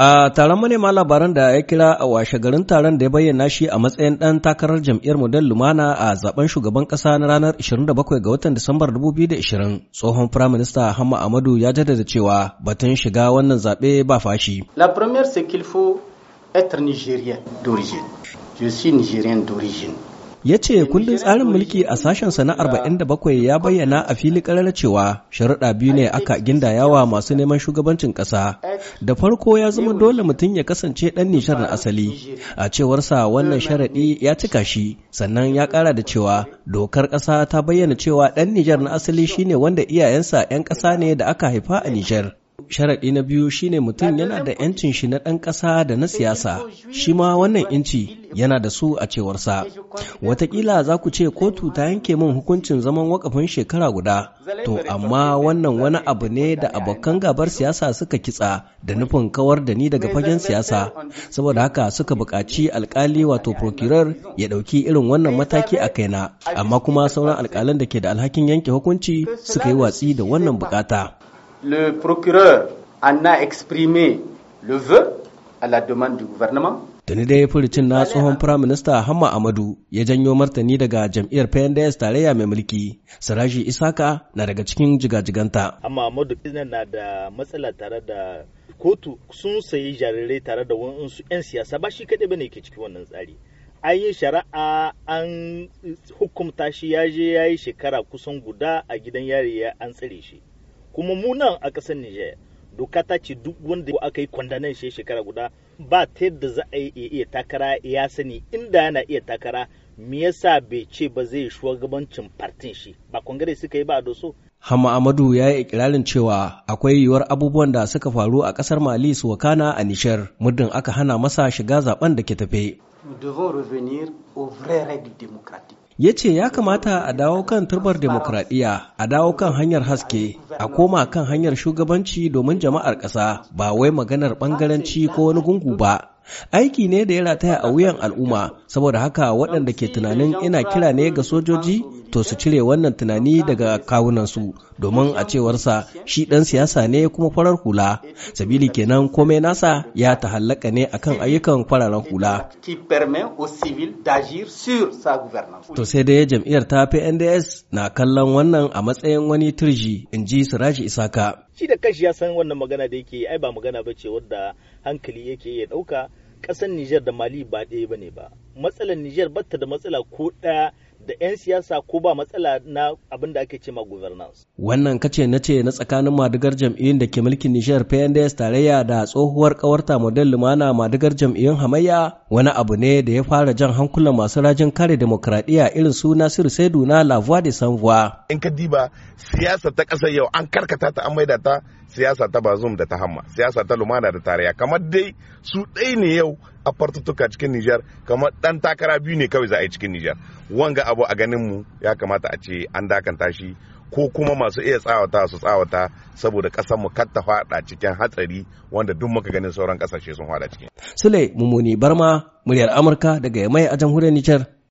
A taron manema labaran da ya kira a washe garin taron da ya bayyana shi a matsayin ɗan takarar jam'iyyar model Lumana a zaben shugaban ƙasa na ranar 27 ga watan Disambar 2020, tsohon firaminista Hamma Amadu ya jaddada cewa batun shiga wannan zaɓe ba fashi. La première c'est qu'il faut être nigérien d'origine. Je suis nigérien d'origine. ya ce kundin tsarin mulki a sashen sana bakwai ya bayyana a fili karara cewa sharaɗa biyu ne aka gindayawa masu neman shugabancin ƙasa da farko ya zama dole mutum ya kasance ɗan nishar na asali a cewarsa wannan sharaɗi ya cika shi sannan ya ƙara da cewa dokar ƙasa ta bayyana cewa ɗan nijar na asali shine wanda iyayensa 'yan ƙasa ne da aka haifa a nijar Sharaɗi na biyu shine mutum yana da 'yancin shi na ɗan ƙasa da na siyasa, shi ma wannan 'yanci yana da su a cewarsa. Wataƙila za ku ce kotu ta yanke min hukuncin zaman wakafin shekara guda, to amma wannan wani abu ne da abokan gabar siyasa suka kitsa da nufin kawar da ni daga fagen siyasa, saboda haka suka buƙaci alƙali wato prokurar ya ɗauki irin wannan mataki a kaina, amma kuma sauran alƙalin da ke da alhakin yanke hukunci suka yi watsi da wannan buƙata. le procureur en a exprimé le vœu à la demande du gouvernement. Tuni dai furucin na tsohon firaminista Hamma Amadu ya janyo martani daga jam'iyyar PNDS tarayya mai mulki, Saraji Isaka na daga cikin jigajiganta. Hamma Amadu na da matsala tare da kotu sun sayi jarirai tare da su 'yan siyasa ba shi kaɗai bane ke cikin wannan tsari. An yi shari'a an hukumta shi ya je ya yi shekara kusan guda a gidan yari ya an tsare shi. kuma mu nan a ƙasar Nijar doka ta ce duk wanda aka yi kwandanan shi shekara guda ba ta yadda za a yi iya takara ya sani inda yana iya takara me yasa bai ce ba zai shugabancin partin shi ba kongare suka yi ba a doso Hama Amadu ya yi ikirarin cewa akwai yiwuwar abubuwan da suka faru a ƙasar Mali su wakana a Nishar muddin aka hana masa shiga zaben da ke tafe. Nous devons revenir au vrai démocratique. ya ce ya kamata a dawo kan turbar demokradiyya a dawo kan hanyar haske a koma kan hanyar shugabanci domin jama'ar ƙasa ba wai maganar ɓangaranci ko wani gungu ba aiki ne da ya rataya a wuyan al'umma saboda haka waɗanda ke tunanin ina kira ne ga sojoji to su cire wannan tunani daga kawunansu domin a cewarsa shi ɗan siyasa ne kuma farar hula sabili kenan komai nasa ya tahallaka ne akan ayyukan fararen hula to sai dai jam'iyyar ta pnds na kallon wannan a matsayin wani turji in ji siraji isaka shi da kashi ya san wannan magana da yake ai ba magana ba ce wadda hankali yake ya ɗauka ƙasar Nijar da Mali ba ɗaya ba ne ba. Matsalar Nijar batta da matsala ko ɗaya da 'yan siyasa ko ba matsala na abin da ake ce ma governance. Wannan kace na ce na tsakanin madigar jam'iyyun da ke mulkin Nijar PNDS tarayya da tsohuwar kawarta model Lumana madigar jam'iyyun hamayya wani abu ne da ya fara jan hankulan masu rajin kare demokradiyya irin su Nasir Saidu na La Voix de Sans Voix. In ka diba siyasa ta ƙasar yau an karkata ta an maida ta siyasa ta Bazum da ta Hamma, siyasa ta Lumana da tarayya kamar dai su ɗai ne yau a cikin Nijar kamar dan takara biyu ne kawai za a yi cikin Nijar wanga abu a ganin mu ya kamata a ce an dakanta shi ko kuma masu iya tsawata su tsawata saboda kasar mu kar ta fada cikin hatsari wanda duk muka ganin sauran kasashe sun fada cikin Sule Mumuni Barma muryar Amurka daga Yamai a jamhuriyar Nijar